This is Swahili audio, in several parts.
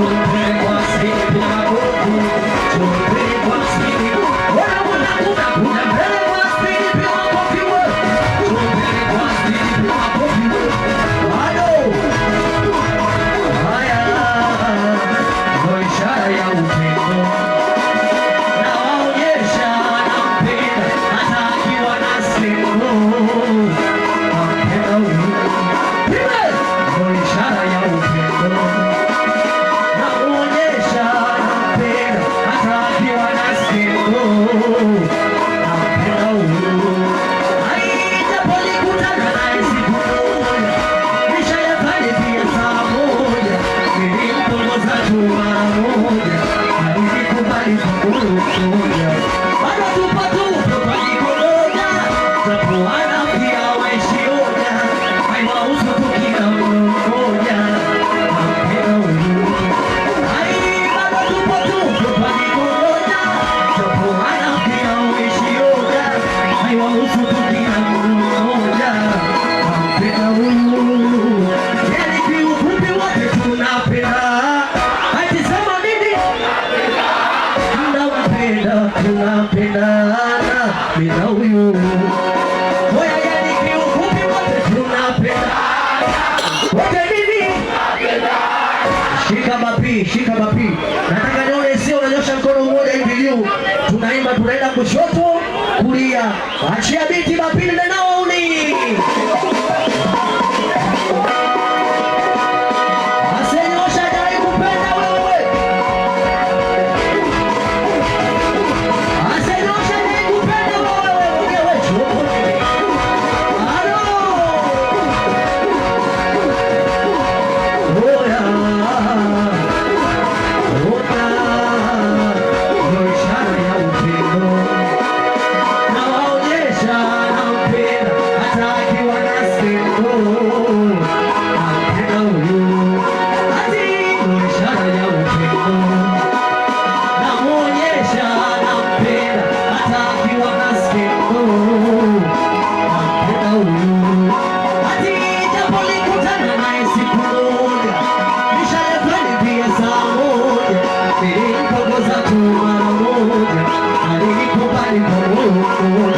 Thank you. Cuba. kushoto, kulia, achia biti mapili menao 嗯嗯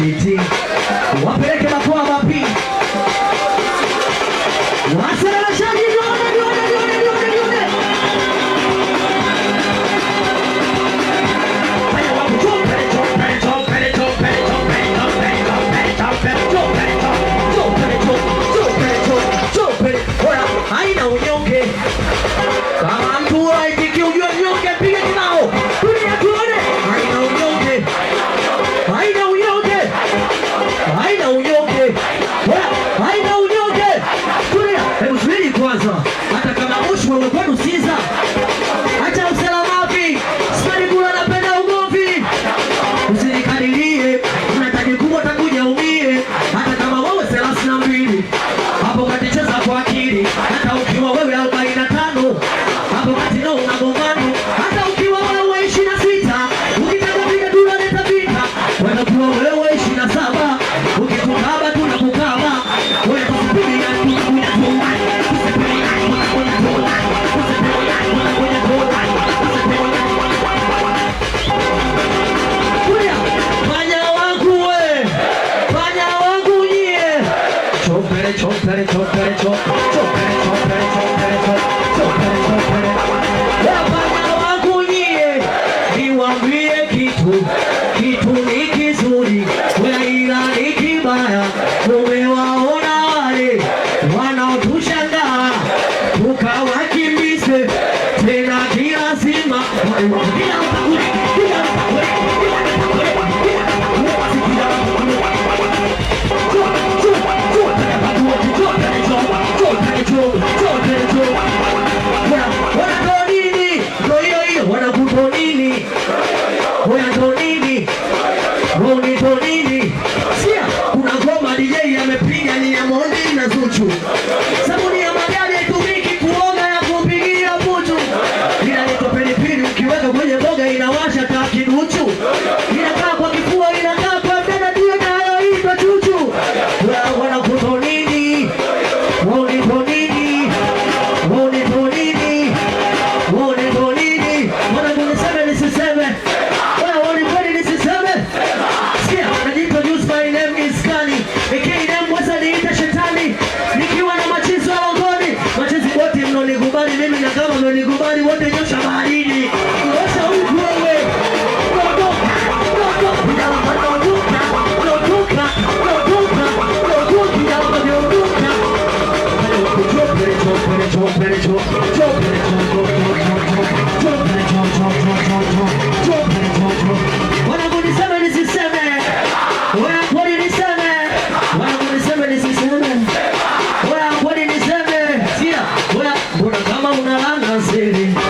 JT. pere çok niwambie kitu kitu ni kizuri weila ni kibaya tumewaona wale wanaotushangaa tena kirazima nini? Sikia, kuna ngoma DJ amepiga ni ya Mondi na Zuchu. Sabuni City.